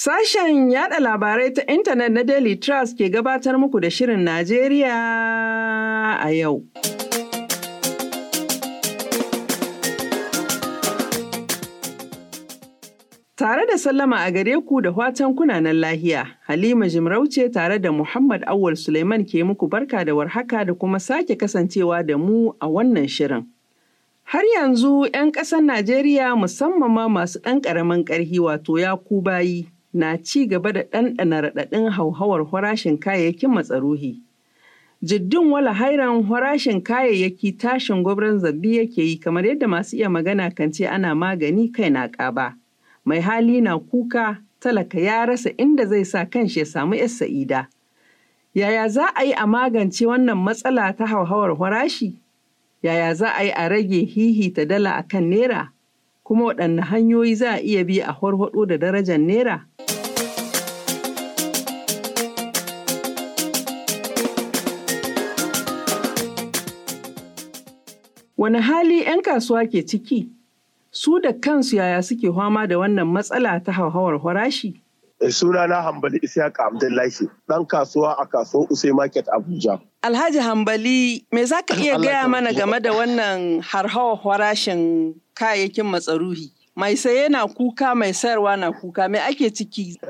Sashen yada labarai ta intanet na Daily Trust ke gabatar muku da Shirin Najeriya a yau. Tare da sallama a gare ku da watan kunanan lahiya, Halima Jimarauce tare da Muhammad Awal Suleiman ke muku barka da warhaka da kuma sake kasancewa da mu a wannan shirin. Har yanzu 'yan ƙasar Najeriya musamman ma masu ɗan ƙaramin ƙarhi wato ya ku bayi na ci gaba da ɗanɗana raɗaɗin hauhawar farashin kayayyakin matsaruhi. Jiddin wala hairan farashin kayayyaki tashin gwabran zabi yake yi kamar yadda masu iya magana kan ce ana magani kai na ƙaba. Mai hali na kuka talaka ya rasa inda zai sa kanshi ya samu yar sa'ida. Yaya za a yi a magance wannan matsala ta hauhawar farashi? Yaya za a yi a rage hihi ta dala a kan naira? kuma waɗanne hanyoyi za a iya bi a harhaɗo da darajar nera? Wani hali 'yan kasuwa ke ciki? Su da kansu yaya suke fama da wannan matsala ta hauhawar farashi? suna na hambali isiyaka abdullahi dan kasuwa a kasuwar usai market abuja alhaji hambali me za ka iya gaya mana game da wannan harhawar farashin kayayyakin matsaruhi mai saye na kuka mai sayarwa na kuka me ake ciki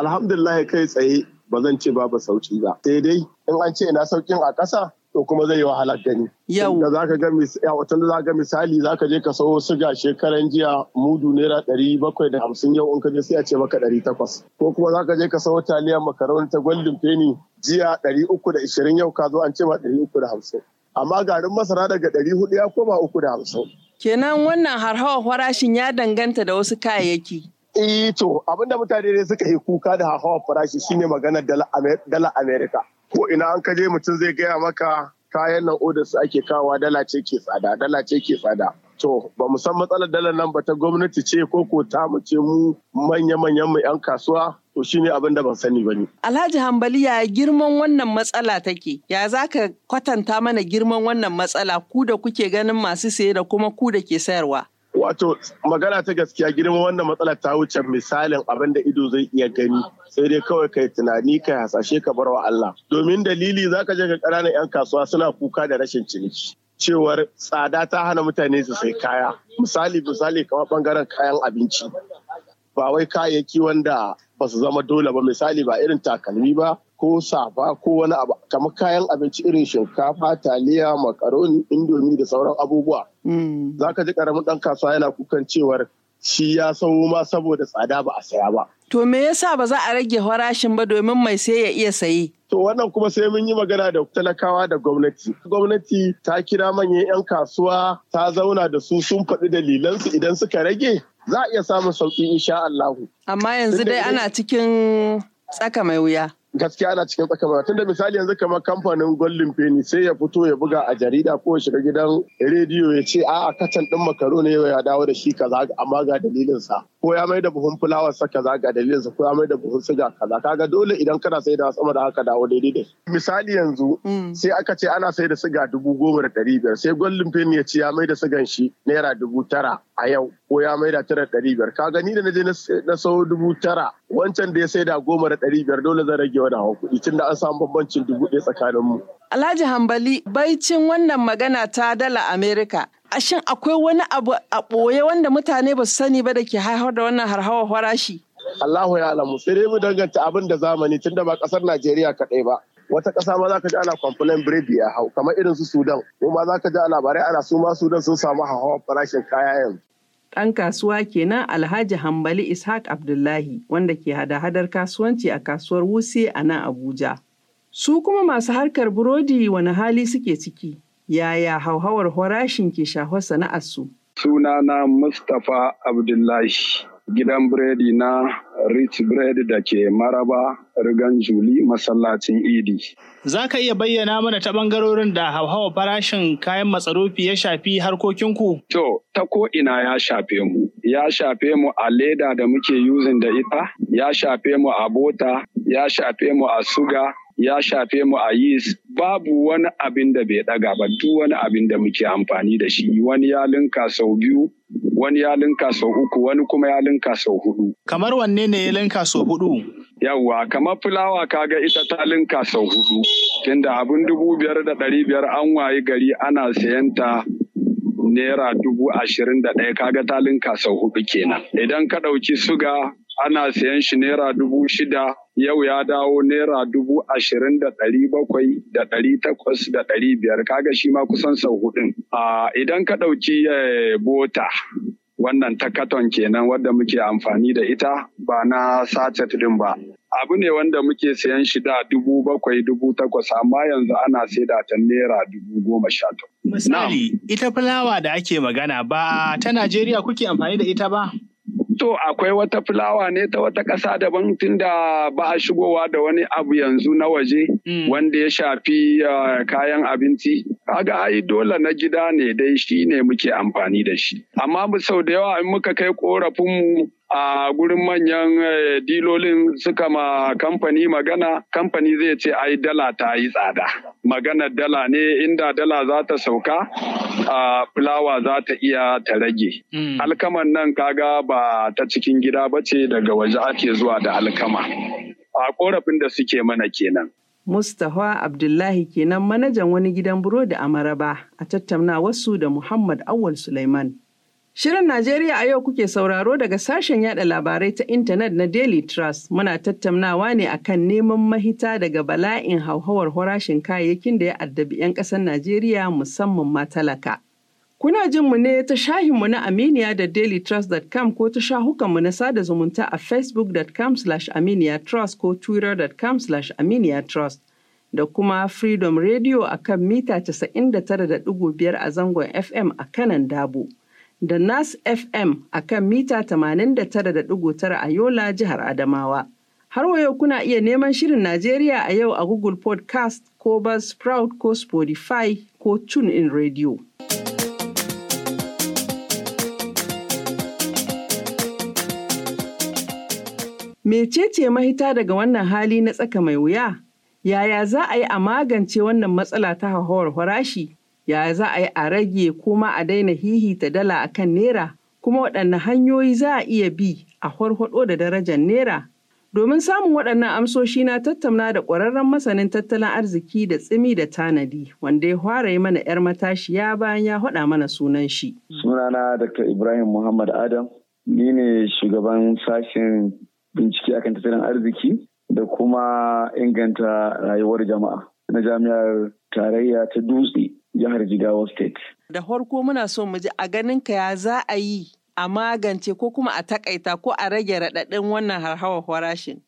alhamdulillah kai tsaye ba zan ce babu sauki ba sai dai in an ce na saukin a ƙasa to kuma zai yi wahalar gani. Yau. za ka ga za ka misali za ka je ka sayo siga shekaran jiya mudu naira ɗari bakwai da hamsin yau in ka je sai a ce maka ɗari takwas. Ko kuma za ka je ka sayo taliyar makaroni ta gwaldin feni jiya ɗari uku da ishirin yau ka zo an ce ma ɗari uku da hamsin. Amma garin masara daga ɗari hudu ya koma uku da hamsin. Kenan wannan harhawar farashin ya danganta da wasu kayayyaki. Eh to abinda mutane ne suka yi kuka da harhawar farashi shine maganar dala Amerika. ko ina an kaje mutum zai gaya maka kayan nan su ake kawa dala ce ke tsada dala ce ke tsada to ba mu san matsalar dalar nan ba ta gwamnati ce ko ko ta mu ce mu manya-manyan mu 'yan kasuwa to shine abin da ban sani ba Alhaji Hambali ya girman wannan matsala take ya zaka kwatanta mana girman wannan matsala ku da kuke ganin masu saye da kuma ku da ke sayarwa. Wato magana ta gaskiya girman wannan matsala ta wuce misalin abin da ido zai iya gani sai dai kawai kai tunani kai hasashe ka barwa Allah. Domin dalili zaka je ga ƙananan 'yan kasuwa suna kuka da rashin ciniki. Cewar tsada ta hana mutane su sai kaya. Misali misali kamar ɓangaren kayan abinci. Ba wai kayayyaki wanda ba su zama dole ba misali ba irin takalmi ba ko safa ko wani abu kamar kayan abinci irin shinkafa taliya makaroni indomi da sauran abubuwa hmm. za ka ji karamin ɗan kasuwa yana kukan cewar shi ya sawo ma saboda tsada ba a saya ba to me yasa ba za a rage farashin ba domin mai sai ya iya saye? To wannan kuma sai mun yi magana da talakawa da gwamnati. Gwamnati ta kira manyan 'yan kasuwa ta zauna da su sun faɗi dalilansu idan suka rage za a iya samun sauƙi insha Allahu. Amma yanzu dai ana cikin tsaka mai wuya. gaskiya ana cikin tsakamaka tunda misali yanzu kamar kamfanin golden penny sai ya fito ya buga a jarida ko ya shiga gidan rediyo ya ce a'a kacan din makaro ne ya dawo da shi kaza amma ga dalilin sa ko ya mai da buhun fulawar sa kaza ga dalilin sa ko ya mai da buhun siga kaza kaga dole idan kana sai da sama da haka dawo daidai da misali yanzu mm. sai aka ce ana sai da siga dubu goma da ɗari biyar sai golden penny ya ce ya mai da sigan shi naira dubu tara a yau ko ya maida tara da ɗari biyar ka gani da na je na sau dubu tara wancan da ya sai da goma da ɗari biyar dole zan rage wani hawa kuɗi tunda an samu bambancin dubu ɗaya tsakanin mu. Alhaji Hambali baicin wannan magana ta dala Amerika A shin akwai wani abu a ɓoye wanda mutane ba su sani ba da ke haifar da wannan harhawa farashi? Allahu ya alamu sai dai mu danganta abin da zamani tunda ba ƙasar Najeriya kaɗai ba. wata ƙasa ma za ka ji ana complain biredi ya hau kamar irin su sudan ko ma za ka ji a labarai ana su ma sudan sun samu hauhawar farashin kaya yanzu. ɗan kasuwa kenan alhaji hambali ishaq abdullahi wanda ke hada-hadar kasuwanci a kasuwar wuse a nan abuja su kuma masu harkar burodi wani hali suke ciki yaya hauhawar farashin ke shafar sana'ar sana'arsu sunana mustapha abdullahi gidan biredi na rich bread da ke maraba rigan juli masallacin idi. Za ka iya bayyana mana ta ɓangarorin da hauhawa farashin kayan matsarufi ya shafi harkokinku? To, ta ko ina ya shafe mu. Ya shafe mu a leda da muke yuzin da ita, ya shafe mu a bota, ya shafe mu a suga, ya shafe mu a yi babu wani abin da bai daga ba duk wani abin da muke amfani da shi wani ya linka sau biyu wani ya linka sau uku wani kuma ya linka sau hudu kamar wanne ne ya linka sau hudu yawwa kamar fulawa kaga ita ta linka sau hudu tunda abin dubu biyar da ɗari biyar an wayi gari ana sayan ta naira dubu ashirin da ɗaya kaga ta linka sau hudu kenan idan ka ɗauki suga ana sayan shi naira dubu shida yau ya dawo naira dubu ashirin da ɗari bakwai da ɗari takwas da ɗari biyar kaga shi ma kusan sau hudun. Idan ka ɗauki eh, bota wannan ta katon kenan wadda muke amfani da ita ba na satet din ba. Abu ne wanda muke sayan shi da dubu bakwai dubu takwas amma yanzu ana saida ta naira dubu goma sha Misali, ita fulawa da ake magana ba ta Najeriya kuke amfani da ita ba? to akwai wata fulawa ne ta wata ƙasa daban tunda ba a shigowa da wani abu yanzu na waje mm. wanda ya shafi kayan abinci kaga ai dole na gida ne dai shi ne muke amfani da shi amma mu sau da yawa in muka kai korafin mu a gurin manyan eh, dilolin suka ma kamfani magana kamfani zai ce ai dala ta yi tsada maganar dala ne inda dala za ta sauka a fulawa za ta iya ta rage hmm. alkaman nan kaga ba ta cikin gida ba ce daga waje ake zuwa da alkama a korafin da suke mana kenan Mustapha Abdullahi kenan manajan wani gidan burodi a Maraba a tattauna wasu da Muhammad Awal Sulaiman. Shirin Najeriya a yau kuke sauraro daga sashen yada labarai ta intanet na Daily Trust muna tattaunawa ne akan neman mahita daga bala'in hauhawar farashin kayayyakin da ya addabi 'yan ƙasar Najeriya musamman ma talaka. Kuna jin mu ne ta shahin mu na Aminiya da dailytrust.com ko ta mu na sada zumunta a facebook.com slash aminiyatrust ko twitter.com slash aminiyatrust da kuma Freedom Radio a kan mita 99.5 a zangon FM a kanan Dabo. da Nas FM a kan mita 89.9 a Yola jihar Adamawa. Har wayo kuna iya neman shirin Najeriya a yau a Google Podcast ko Buzzsprout ko Spotify ko TuneIn Radio. Mecece mahita daga wannan hali na tsaka mai wuya? Yaya za a yi a magance wannan matsala ta hauhawar farashi? ya za a yi a rage kuma a daina hihita dala a kan naira kuma waɗanne hanyoyi za a iya bi a farfaɗo da darajar naira domin samun waɗannan amsoshi na tattauna da ƙwararren masanin tattalin arziki da tsimi da tanadi wanda ya fara yi mana 'yar matashiya bayan ya haɗa mana sunan shi sunana dr ibrahim muhammad adam ni ne shugaban sashen bincike akan tattalin arziki da kuma inganta rayuwar jama'a na jami'ar tarayya ta dutse jihar Jigawa State. Da farko muna so mu ji a ganin ka ya za a yi a magance ko kuma a takaita ko a rage raɗaɗin wannan harhawar farashin.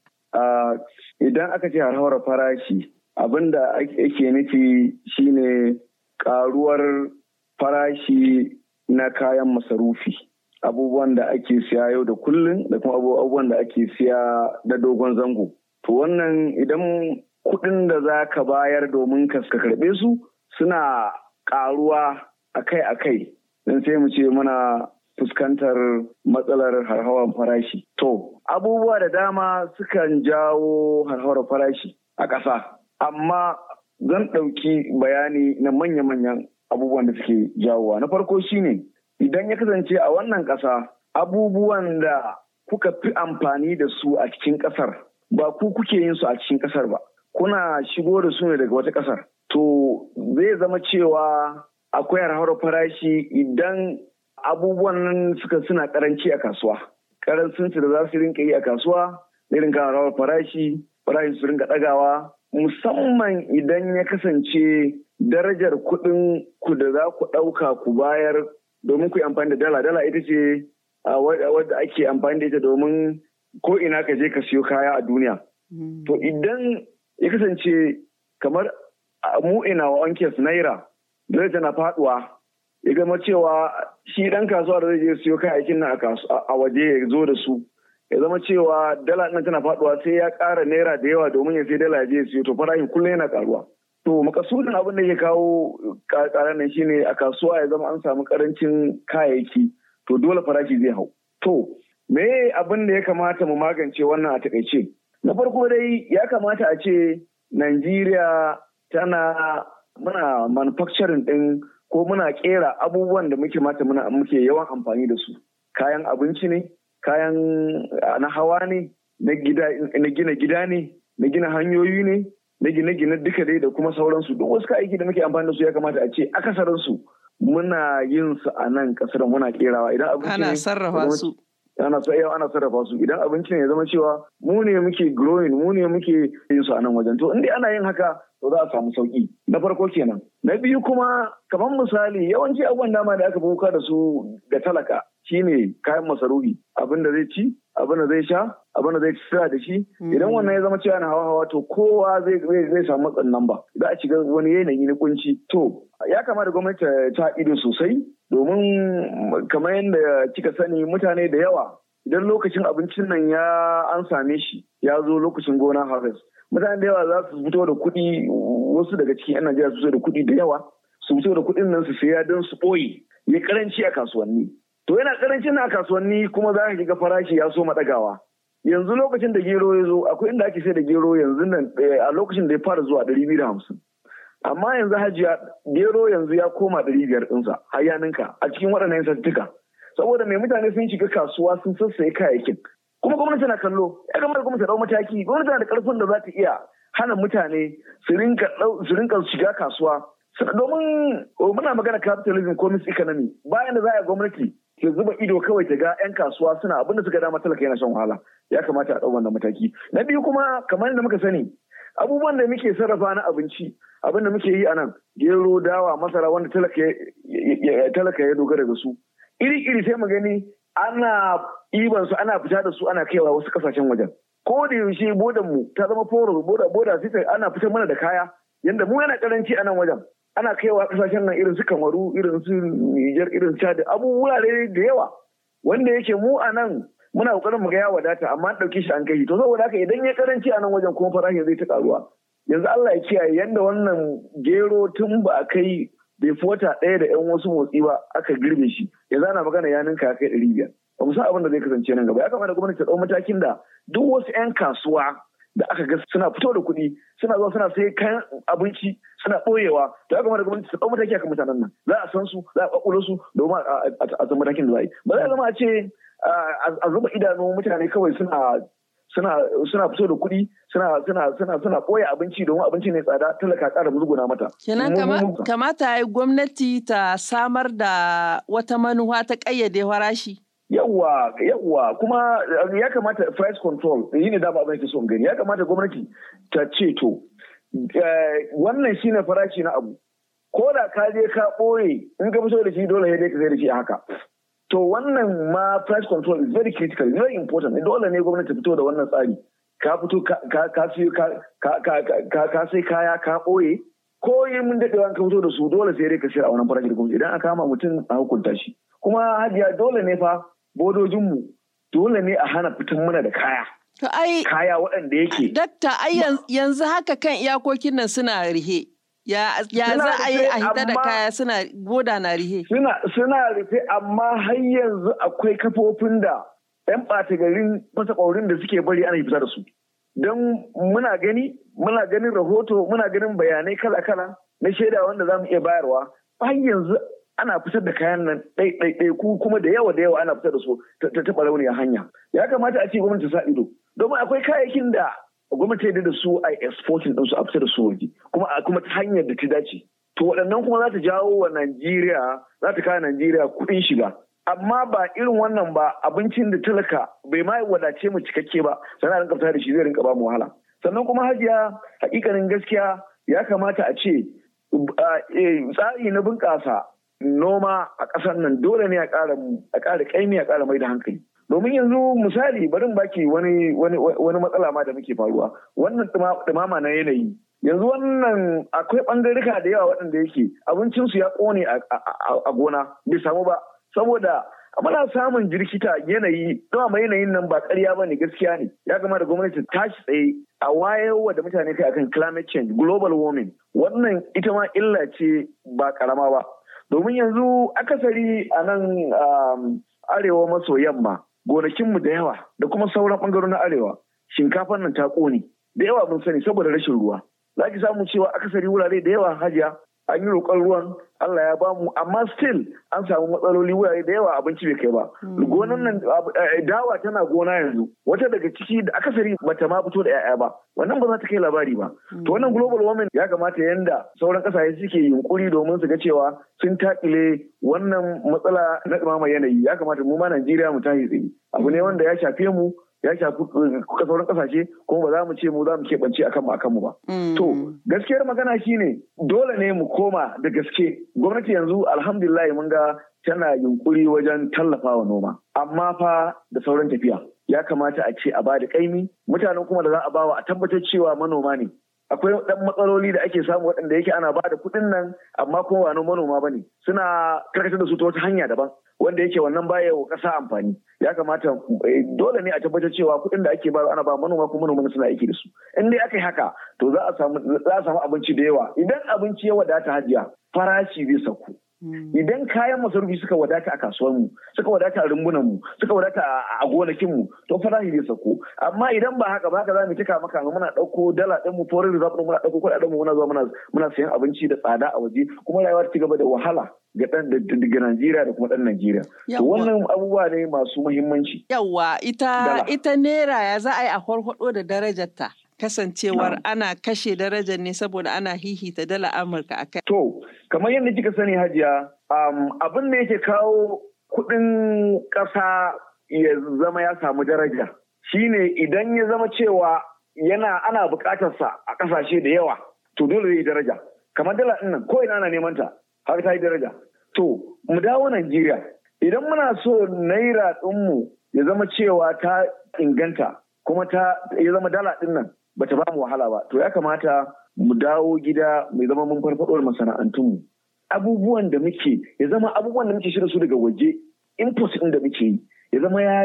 Idan aka ce harhawar farashi abin da ake nufi shine karuwar farashi na kayan masarufi abubuwan da ake siya yau da kullum da kuma abubuwan da ake siya da dogon zango. To wannan idan kuɗin da za ka bayar domin ka karɓe su suna karuwa akai-akai don sai mu ce muna fuskantar matsalar harhawar farashi. To, abubuwa da dama sukan jawo harhawar farashi a ƙasa, amma zan ɗauki bayani na manya-manyan abubuwan da suke jawowa. Na farko shine idan ya kasance a wannan ƙasa abubuwan da kuka fi amfani da su a cikin ƙasar ba ku kuke yin su a cikin ƙasar ba. Kuna shigo da su ne daga wata ƙasar. to zai zama cewa akwai harhar farashi idan abubuwan nan suka suna karanci a kasuwa karancinsu da za su rinka yi a kasuwa irin harhar farashi farashi su rinka ɗagawa musamman idan ya kasance darajar kuɗin ku da za ku ɗauka ku bayar domin ku yi amfani da dala dala ita ce wadda ake amfani da ita domin ko ina ka je ka siyo kaya a duniya hmm. to idan ya kasance kamar mu ina wa anke naira daraja na faduwa ya zama cewa shi dan kasuwa da zai je siyo kayayyakin nan a waje ya zo da su ya zama cewa dala ɗana tana faduwa sai ya ƙara naira da yawa domin ya sai dala ya je siyo to farashin kullum yana karuwa to makasudin abin da ke kawo ƙarar nan shine a kasuwa ya zama an samu karancin kayayyaki to dole farashi zai hau to me abin da ya kamata mu magance wannan a takaice na farko dai ya kamata a ce Najeriya tana muna manufacturing din ko muna kera abubuwan da muke mata muna muke yawan amfani da su kayan abinci ne kayan ah, na hawa ne na gina gida ne na gina hanyoyi ne na gina gine duka dai da kuma sauransu duk wasu aiki da muke amfani da su ya kamata a ce akasarinsu muna yin su a nan kasar muna kerawa idan abinci ana sarrafa su ana sa eh, ana sarrafa su idan abincin ya zama cewa mu ne muke growing mu ne muke yin su a nan wajen to in dai ana yin haka to za a samu sauki na farko kenan na biyu kuma kamar misali yawanci abubuwan dama da aka boka da su ga talaka shine kayan masarufi abin da zai ci abin da zai sha abin da zai ci da shi hmm. idan wannan ya zama cewa na hawa hawa to kowa zai zai samu matsan nan ba za a shiga wani yanayi na kunci to ya kamata gwamnati ta ido sosai domin kamar yadda kika sani mutane da yawa idan lokacin abincin nan ya an same shi ya zo lokacin gona harvest mutane da yawa za su fito da kuɗi wasu daga cikin 'yan Najeriya su fito da kuɗi da yawa su fito da kuɗin nan su saya don su ɓoye ya karanci a kasuwanni to yana karancin na kasuwanni kuma za ka ga farashi ya so madagawa yanzu lokacin da gero ya zo akwai inda ake sai da gero yanzu nan eh, a lokacin da ya fara zuwa ɗari biyu da hamsin amma yanzu hajiya gero yanzu ya koma ɗari biyar ɗinsa har a cikin waɗannan sattuka saboda mai mutane sun shiga kasuwa sun sassaye kayayyakin kuma gwamnati na kallo ya kamata gwamnati ta mataki gwamnati na da ƙarfin da za ta iya hana mutane su rinka shiga kasuwa domin oh, muna magana capitalism ko economy bayan da za a gwamnati ke zuba ido kawai ta ga 'yan kasuwa suna abinda da suka dama talaka yana shan wahala ya kamata a ɗau wannan mataki na biyu kuma kamar da muka sani abubuwan da muke sarrafa na abinci abin da muke yi a nan gero dawa masara wanda talaka ya dogara da su iri-iri sai mu gani ana iban su ana fita da su ana kaiwa wasu kasashen wajen ko da yaushe bodan mu ta zama foro boda boda sai ana fitar mana da kaya yanda mu yana karanci a nan wajen ana kaiwa kasashen nan irin su kamaru irin su niger irin chad abubuwa da yawa wanda yake mu a nan muna kokarin mu ga ya wadata amma dauke shi an kai to saboda haka idan ya karanci a nan wajen kuma farashin zai ta karuwa yanzu Allah ya kiyaye yanda wannan gero tun ba a kai bai fota ɗaya da yan wasu motsi ba aka girbe shi yanzu ana magana ya ninka kai ɗari ba mu san abin da zai kasance nan gaba ya kamata gwamnati ta ɗau matakin da duk wasu yan kasuwa da aka ga suna fito da kuɗi suna zuwa suna sai kayan abinci suna ɓoyewa da aka mara gwamnati su ɗau mataki akan mutanen nan za a san su za a ƙwaƙulo su domin a san matakin da za a ba za a zama a ce a zuba idanu mutane kawai suna suna fito da kuɗi suna suna abinci domin abinci ne tsada talaka ƙara musguna mata. Kenan kamata ya gwamnati ta samar da wata manuwa ta ƙayyade farashi. yawwa yawwa kuma eh, ya kamata price control yi ne dama abinci da son gani ya kamata gwamnati ta ce to eh, wannan shine farashi na abu ko da ka je ka ɓoye in ka fito da shi dole ya dai ka zai da shi haka to wannan ma price control is very critical very important dole ne gwamnati ta fito da wannan tsari ka fito ka sai kaya ka ɓoye ko yi mun daɗewa ka fito da su dole sai dai ka sayar a wannan farashi da gwamnati idan aka kama mutum a hukunta shi kuma hajiya dole ne fa bodojinmu dole ne a hana fitan muna da kaya. kaya waɗanda yake. Dakta ai yanzu haka kan iyakokin nan suna rihe. Ya, za a yi a hita da kaya suna boda na rihe. Suna, rufe amma har yanzu akwai kafofin da 'yan ɓata garin fasa ƙaurin da suke bari ana fita da su. Don muna gani, muna ganin rahoto, muna ganin bayanai kala-kala na shaida wanda za mu iya bayarwa. Har yanzu ana fitar da kayan nan ɗaiɗaiɗai ku kuma da yawa da yawa ana fitar da su ta taɓa rauniyar hanya ya kamata a ce gwamnati sa ido domin akwai kayayyakin da gwamnati ta da su a exporting ɗinsu a fitar da su waje kuma a kuma ta hanyar da ta dace to waɗannan kuma za ta jawo wa Najeriya za ta kawo Najeriya kuɗin shiga amma ba irin wannan ba abincin da talaka bai ma wadace mu cikakke ba sana'ar rinka da shi zai rinka ba mu wahala sannan kuma hajiya hakikanin gaskiya ya kamata a ce eh, tsari na bunƙasa noma a ƙasar nan dole ne a ƙara ƙaimi a ƙara mai da hankali domin yanzu misali barin baki wani wani matsala ma da muke faruwa wannan ɗumama na yanayi yanzu wannan akwai ɓangarika da yawa waɗanda yake abincinsu ya ƙone a gona bai samu ba saboda muna samun jirkita yanayi dama yanayin nan ba karya ba ne gaskiya ne ya gama da gwamnati ta tashi tsaye a wayewa da mutane kai akan climate change global warming wannan ita ma illa ce ba ƙarama ba domin yanzu akasari a nan um, arewa maso yamma gonakinmu da yawa da kuma sauran na arewa shinkafar nan ta ƙone da yawa mun sani saboda rashin ruwa za ki samu cewa akasari wurare da yawa hajiya an yi roƙon ruwan Allah ya bamu amma still an samu matsaloli wurare da yawa abinci bai kai ba hmm. gonan nan eh, eh, dawa tana gona yanzu wata daga ciki da aka akasari bata ma fito da 'ya'ya ba wannan ba za ta kai labari ba hmm. to wannan global warming ya kamata yanda sauran kasashe suke yunkuri domin su ga cewa sun takile wannan matsala na ɗumamar yanayi ya kamata mu ma Najeriya mu tashi tsaye abu ne hmm. wanda ya shafe mu ya shafi eh, sauran kasashe kuma ba za mu ce mu za mu keɓance akan mu akan mu ba. Mm. To gaskiyar magana shi ne dole ne mu koma da gaske gwamnati yanzu alhamdulillah mun ga tana yunkuri wajen tallafawa noma amma fa da sauran tafiya ya kamata a ce a bada kaimi mutanen kuma da za a bawa a tabbatar cewa manoma ne akwai ɗan matsaloli da ake samu waɗanda yake ana ba da kuɗin nan amma kuma ba manoma ba ne suna karkatar da su ta wata hanya daban wanda yake wannan baya wa kasa amfani ya kamata eh, dole ne a tabbatar cewa kuɗin da ake bayarwa ana ba manoma kuma manoman suna aiki da su in dai aka yi haka to za a samu za a samu abinci da yawa idan abinci ya wadata hajiya farashi zai sauko hmm. idan kayan masarufi suka wadata a kasuwanmu suka wadata a rumbunanmu suka wadata a gonakinmu to farashi zai sako amma idan ba haka ba haka za mu kika maka muna ɗauko dala ɗin mu foreign reserve muna ɗauko kuɗaɗen mu muna zuwa muna muna sayan abinci da tsada a waje kuma rayuwa ta gaba da wahala ga ɗan Najeriya da kuma ɗan Najeriya. To wannan abubuwa ne masu muhimmanci. Yawwa ita ita naira ya za a yi a farfaɗo da darajarta. Kasancewar ana kashe darajar ne saboda ana hihita dala Amurka a kai. To, kamar yadda kika sani hajiya, abin da yake kawo kuɗin ƙasa ya zama ya samu daraja. Shine idan ya zama cewa yana ana buƙatarsa a ƙasashe da yawa, to dole zai daraja. Kamar dala ɗin nan, ko ina ana neman ta, har ta yi daraja to mu dawo Najeriya idan muna so naira ɗinmu ya zama cewa ta inganta kuma ta ya zama dala ɗin nan bata ba mu wahala ba to ya kamata mu dawo gida mai zama mun farfaɗo masana'antunmu abubuwan da muke ya zama abubuwan da muke shirya su daga waje input ɗin da muke yi ya zama ya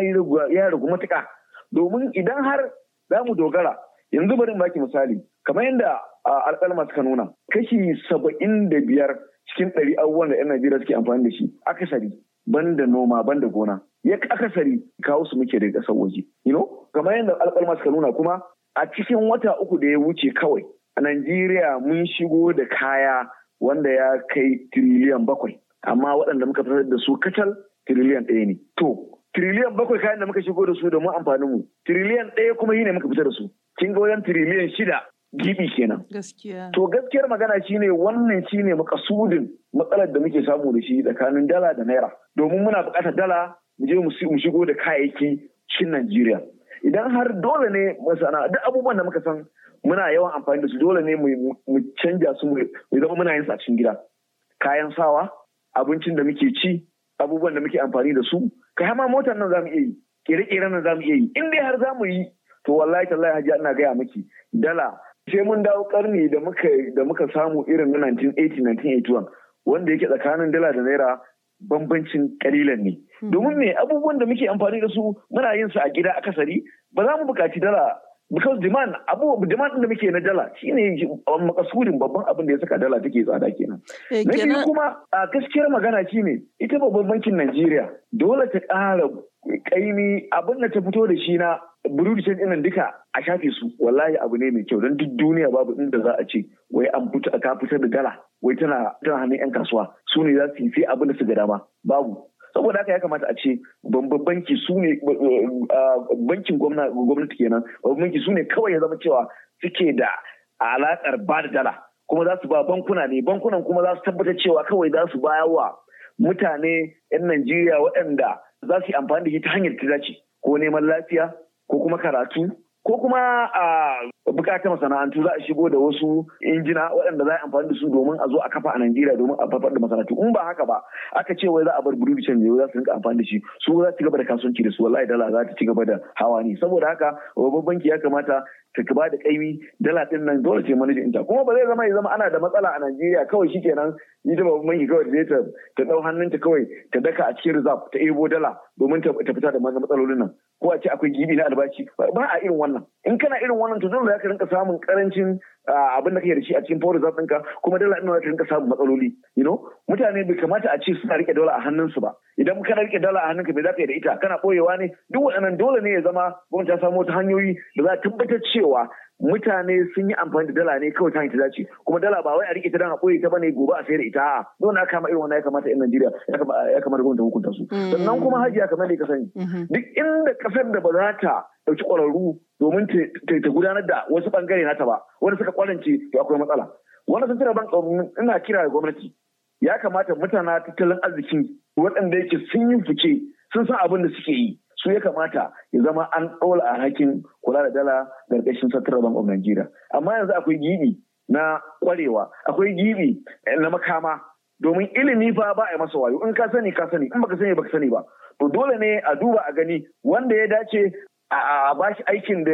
ragu matuƙa domin idan har za mu dogara yanzu bari baki misali kamar yadda alƙalma suka nuna kashi saba'in da biyar cikin ɗari abubuwan da 'yan Najeriya suke amfani da shi akasari banda noma banda gona ya akasari kawo su muke daga ƙasar waje you know kamar yadda alƙalma suka nuna kuma a cikin wata uku da ya wuce kawai a Najeriya mun shigo da kaya wanda ya kai tiriliyan bakwai amma waɗanda muka fitar da su kacal tiriliyan ɗaya ne to tiriliyan bakwai kayan da muka shigo da su mu amfanin mu tiriliyan ɗaya kuma yi ne muka fitar da su kin ga wajen tiriliyan shida gibi kenan. Gaskiya. To gaskiyar magana shine wannan shine makasudin matsalar da muke samu da shi tsakanin dala da naira. Domin muna buƙatar dala mu je mu shigo da kayayyaki cikin Najeriya. Idan har dole ne masana duk abubuwan da muka san muna yawan amfani da su dole ne mu canja su mu zama muna yin su gida. Kayan sawa, abincin da muke ci, abubuwan da muke amfani da su, kai ma motar nan za mu iya yi, kere-keren nan za mu iya yi. In dai har za mu yi to wallahi tallahi hajiya ina gaya miki dala sai mun dawo karni da muka samu irin na 1980 1981 wanda yake tsakanin dala da naira bambancin kalilan ne hmm. domin me abubuwan da muke amfani da su muna yin su a gida akasari ba za mu bukaci dala because demand abu demand da muke na dala shine makasurin babban abin da ya saka dala take tsada kenan eh, na biyu kuma a gaskiyar magana shine ita babban bankin Najeriya dole ta ƙara kaimi abin da ta fito da shi na burudishin ɗinan duka a shafe su wallahi abu ne mai kyau don duk duniya babu inda za a ce wai an fita ka fitar da dala wai tana tana hannun yan kasuwa su ne za su yi sai abin da su ga dama babu saboda haka ya kamata a ce banki su bankin gwamnati kenan banki su ne kawai ya zama cewa suke da alakar ba da dala kuma za su ba bankuna ne bankunan kuma za su tabbatar cewa kawai za su baya wa mutane 'yan Najeriya waɗanda za su yi amfani da ita hanyar ta dace ko neman lafiya ko kuma karatu ko kuma bukatar masana'antu za a shigo da wasu injina waɗanda za a amfani da su domin a zo a kafa a Najeriya domin a farfaɗa masana'antu in ba haka ba aka ce wai za a bar burudi can za su rinka amfani da shi su za su ci gaba da kasuwanci da su wallahi dala za ta ci gaba da hawa ne saboda haka babban banki ya kamata ta ba da kaiwi dala ɗin nan dole ce manajin ta kuma ba zai zama ya zama ana da matsala a Najeriya kawai shikenan ita babban banki kawai zai ta ta dau hannunta kawai ta daka a cikin rizab ta ebo dala domin ta fita da matsalolin nan ko a ce akwai gibi na albashi ba a irin wannan in kana irin wannan to dole ka rinka samun karancin abin da kake da shi a cikin power reserve ɗinka kuma dala za ka rinka samun matsaloli you know mutane bai kamata a ce suna rike dala a hannunsu ba idan kana rike dala a hannunka bai za ka yi da ita kana boyewa ne duk waɗannan dole ne ya zama gwamnati ta samo ta hanyoyi da za a tabbatar cewa mutane sun yi amfani da dala ne kawai ta hanyar dace kuma dala ba wai a rike ta dan a ta bane gobe a sayar da ita don aka kama irin wannan ya kamata in Najeriya ya kamata gwamnati hukunta su mm-hmm. sannan kuma hajiya kama da ka sani mm-hmm. duk inda kasar da ba za ta dauki kwararru domin ta gudanar da wasu bangare nata ba wanda suka kwalance to akwai matsala wannan sun tsira ban ina kira ga gwamnati ya kamata mutana tattalin arzikin waɗanda yake sun yi fice sun san abin da suke yi su ya kamata ya zama an ɗaula a hakin kula da dala ƙarƙashin Central Bank of Nigeria. Amma yanzu akwai gibi na ƙwarewa, akwai gibi na makama domin ilimi fa ba a masa wayo in ka sani ka sani in baka sani baka sani ba to dole ne a duba a gani wanda ya dace a ba shi aikin da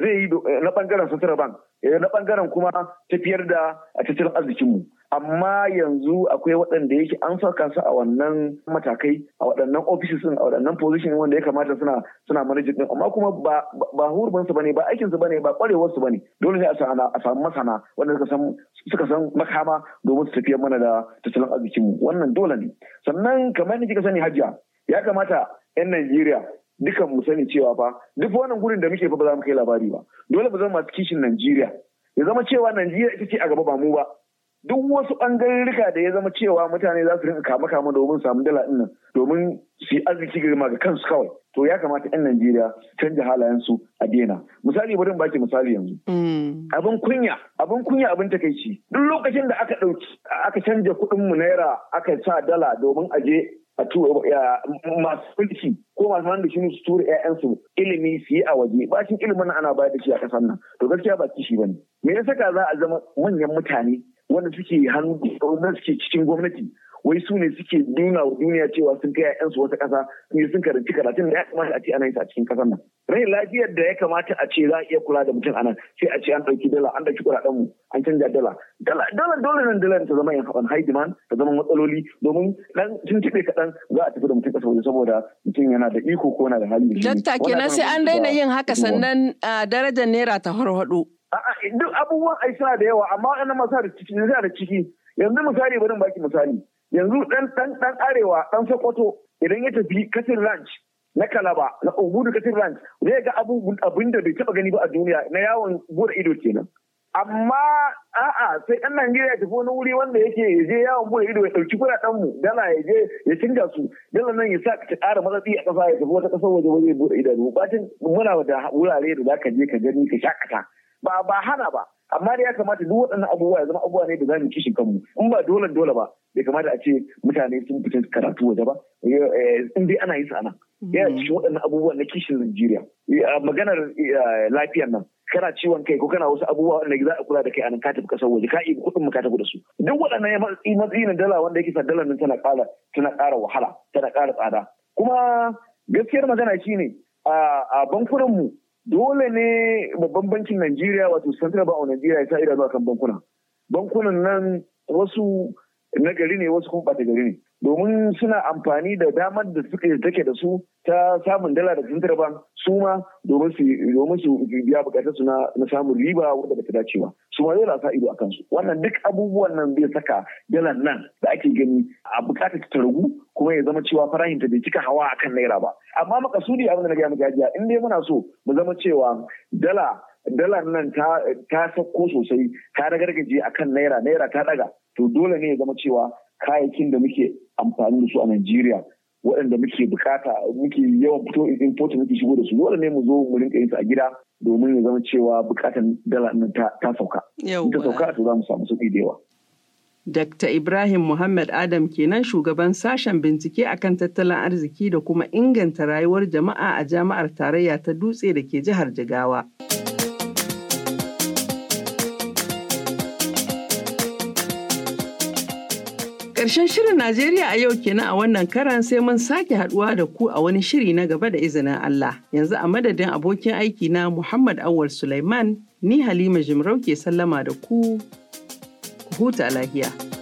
zai yi eh, na bangaren central bank eh, na bangaren kuma tafiyar da tattalin arzikinmu amma yanzu akwai waɗanda yake an saka su a wannan matakai a waɗannan offices a waɗannan position wanda ya kamata suna suna manajin din amma kuma ba ba su bane ba aikin su bane ba kwarewar su bane dole ne a samu masana wanda suka san suka san makama domin su tafiyar mana da tattalin arzikinmu wannan dole ne sannan kamar ni kika sani hajiya ya kamata 'yan Najeriya dukan mu sani cewa fa duk wannan gurin da muke fa ba za mu kai labari ba dole mu zama masu kishin Najeriya ya zama cewa Najeriya ita ce a gaba ba mu ba duk wasu ɓangarurruka da ya zama cewa mutane za su rinka kama kama domin samu dala din nan domin su arziki girma ga kansu kawai to ya kamata 'yan Najeriya canja halayensu a daina misali bari baki misali yanzu mm. abin kunya abin kunya abin takaici duk lokacin da aka ɗauki aka canja kuɗin mu naira aka sa dala domin aje a masu mulki ko masu wanda shi su tura ƴaƴansu ilimi su yi a waje Ba bashin ilimin ana bayar da shi a ƙasar nan to gaskiya ba kishi bane me ya saka za a zama manyan mutane wanda suke hannu da suke cikin gwamnati wai su ne suke nuna wa duniya cewa sun kai ƴaƴansu wata ƙasa ne sun karanci karatun da ya kamata a ce ana yi a cikin ƙasar nan rai lafiyar da ya kamata a ce za a iya kula da mutum anan sai a ce an ɗauki dala an ɗauki kuɗaɗen mu an canja dala dala dole nan dala ta zama on high demand ta zama matsaloli domin dan tuntuɓe kaɗan za a tafi da mutum ƙasa waje saboda mutum yana da iko ko yana da hali. Dokta kenan sai an daina yin haka sannan darajar naira ta harhaɗo. A'a duk abubuwan ai suna da yawa amma ana masu da ciki da ciki yanzu misali bari baki misali yanzu ɗan ɗan ɗan arewa ɗan sokoto idan ya tafi katin ranch na kalaba na ogudu kasir ranch zai ga abin da bai taba gani ba a duniya na yawon bude ido kenan amma a'a sai ɗan Najeriya ya tafi wani wuri wanda yake ya je yawon bude ido ya ɗauki kuɗaɗen mu dala ya je ya canza su dala nan ya sa ka ƙara matsatsi a ƙasa ya tafi wata ƙasar waje waje bude idanu bacin muna da wurare da za ka je ka gani ka shakata ba ba hana ba amma da ya kamata duk waɗannan abubuwa ya zama abubuwa ne da za mu kishin kanmu in ba dole dole ba bai kamata a ce mutane sun fita karatu waje ba eh, eh, in dai ana yi sa'ana. yana mm-hmm. cikin waɗannan abubuwan na kishin Najeriya. Eh, maganar eh, lafiyar nan kana ciwon kai ko kana wasu abubuwa wanda za a kula da kai a nan ka tafi kasar waje ka ibi kuɗin mu ka tafi da su. Duk waɗannan ya matsi matsi dala wanda yake sa dalar nan tana ƙara tana ƙara wahala tana ƙara tsada. Kuma gaskiyar magana ne a bankunan mu dole ne babban bankin Najeriya wato Central Bank of Najeriya ya sa idanu kan bankuna. Bankunan nan wasu na gari ne wasu kuma ɓata gari ne domin suna amfani da damar da suke take da su ta samun dala da sun bank su ma domin su biya bukatar su na samun riba wanda bata ta dace ba su ma zai sa ido a su wannan duk abubuwan nan zai saka dalar nan da ake gani a bukatar ta ragu kuma ya zama cewa farahinta ta bai cika hawa akan naira ba amma makasudi abin da na gaya maka in dai muna so mu zama cewa dala dalar nan ta ta sauko sosai ta ragargaje akan naira naira ta daga to dole ne ya zama cewa kayayyakin da muke amfani da su a Najeriya waɗanda muke bukata muke yawan fito import muke shigo da su dole ne mu zo mu rinka yin su a gida domin ya zama cewa bukatan dala nan ta sauka. in Ta sauka to za mu samu sauki da yawa. Dr. Ibrahim Muhammad Adam kenan shugaban sashen bincike akan tattalin arziki da kuma inganta rayuwar jama'a a jami'ar tarayya ta dutse da ke jihar Jigawa. Ƙarshen shirin Najeriya a yau kenan a wannan karan sai mun sake haduwa da ku a wani shiri na gaba da izinin Allah. Yanzu a madadin abokin aiki na Muhammad Awar Sulaiman, ni Halima Jimarau ke sallama da ku, ku huta lahiya.